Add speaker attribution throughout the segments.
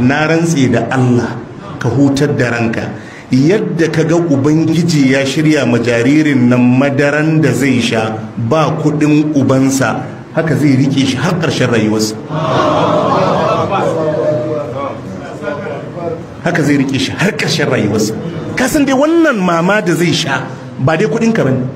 Speaker 1: na rantse da Allah ka hutar da ranka yadda ka ga ubangiji ya shirya ma jaririn nan madaran da zai sha ba kudin ubansa haka zai rike shi har ƙarshen rayuwarsa haka zai rike shi har ƙarshen rayuwarsa kasan dai wannan mama da zai sha ba dai kudin ka bane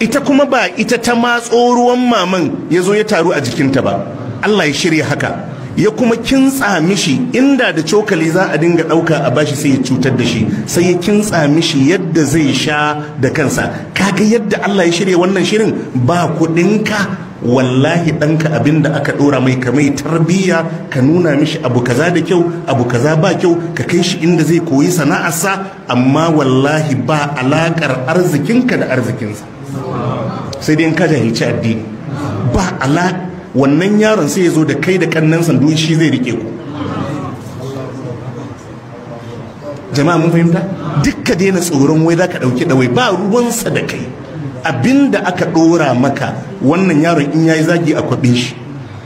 Speaker 1: ita kuma ba ita ta matso ruwan maman ya zo ya taru a jikinta ba Allah ya shirya haka ya kuma kintsa mishi inda da cokali za a dinga ɗauka a bashi sai ya cutar da shi sai ya kintsa mishi yadda zai sha da kansa kaga yadda Allah ya shirya wannan shirin ba kuɗinka wallahi ɗanka abin da aka ɗora mai ka mai tarbiyya ka nuna mishi abu kaza da kyau abu kaza ba kyau ka kai shi inda zai koyi sana'arsa amma wallahi ba alaƙar arzikinka da arzikinsa sai dai in ka jahilci addini ba alaƙar wannan yaron sai ya zo da kai da kannan sandu shi zai rike ku jama'a mun fahimta dukka daina tsoron wai za ka dauki ɗawai, ba ruwansa da kai abinda aka ɗora maka wannan yaron in yayi zagi a kwabe shi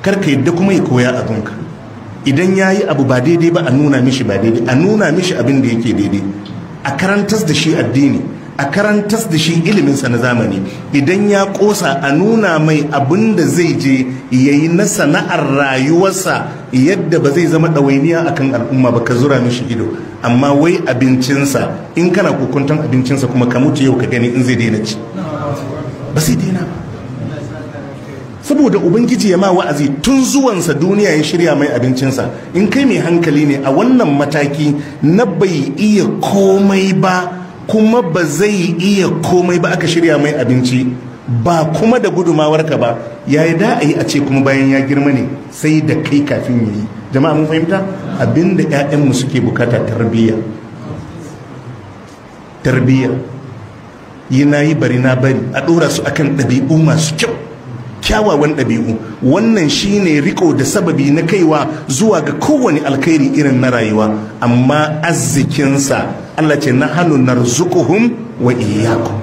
Speaker 1: kar ka yadda kuma ya koya abinka idan yayi abu ba daidai ba a nuna mishi ba daidai a nuna mishi abin da yake daidai a karantas da shi addini a karantas da shi iliminsa na zamani idan ya kosa a nuna mai abin da zai je ya yi na sana'ar rayuwarsa yadda ba zai zama ɗawainiya a kan al'umma ba ka zura mishi ido amma wai abincinsa in kana kokuntan abincinsa kuma ka mutu yau ka gani in zai daina ci ba sai daina ba saboda ubangiji ya ma wa'azi tun zuwansa duniya ya shirya mai abincinsa in kai mai hankali ne a wannan mataki na bai iya komai ba kuma ba zai iya komai ba aka shirya mai abinci ba kuma da gudumawar ka ba yayi da a a ce kuma bayan ya girma ne sai da kai kafin ya yi jama'a mun fahimta abinda 'ya'yanmu suke bukata tarbiyya tarbiyya yi na yi bari na bari a ɗora su akan ɗabi'u masu kyau kyawawan ɗabi'u wannan shi ne riko da sababi na kaiwa zuwa ga kowane alkhairi irin na rayuwa amma arzikinsa Allah ce na hannu narzukuhum wa iyyakum